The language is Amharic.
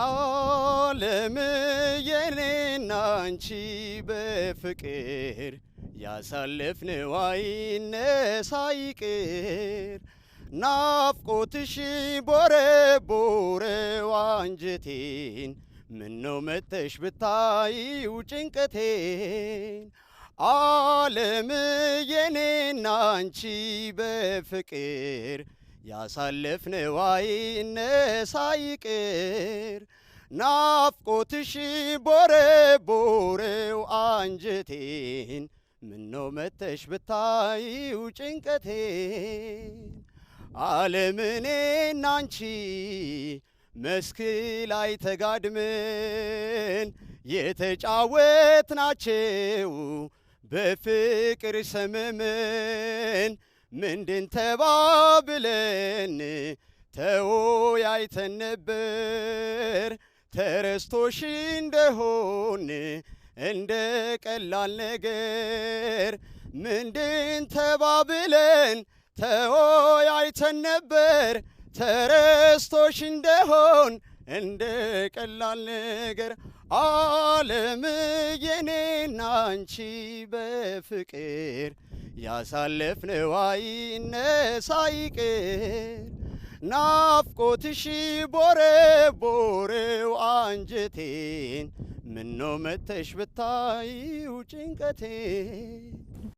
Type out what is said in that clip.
ዓለም የኔና አንቺ በፍቅር ያሳለፍነው አይነሳ ይቅር። ናፍቆትሽ ቦረቦረው አንጀቴን፣ ምነው መተሽ ብታይው ጭንቀቴን። ዓለም የኔና አንቺ በፍቅር ያሳለፍነዋይ ነሳይቅር ናፍቆትሽ ቦረ ቦሬው አንጀቴን ምነው መተሽ ብታይው ጭንቀቴን አለምኔ ናንቺ መስክ ላይ ተጋድመን የተጫወትናቸው በፍቅር ሰመመን ምንድን ተባብለን ተወያይተን ነበር ተረስቶሽ እንደሆን እንደ ቀላል ነገር ምንድን ተባብለን ተወያይተን ነበር ተረስቶሽ እንደሆን እንደ ቀላል ነገር ዓለም የኔና አንቺ በፍቅር ያሳለፍነው አይነሳ ይቅር። ናፍቆትሽ ቦረቦረው አንጀቴን ምነው መተሽ ብታይው ጭንቀቴ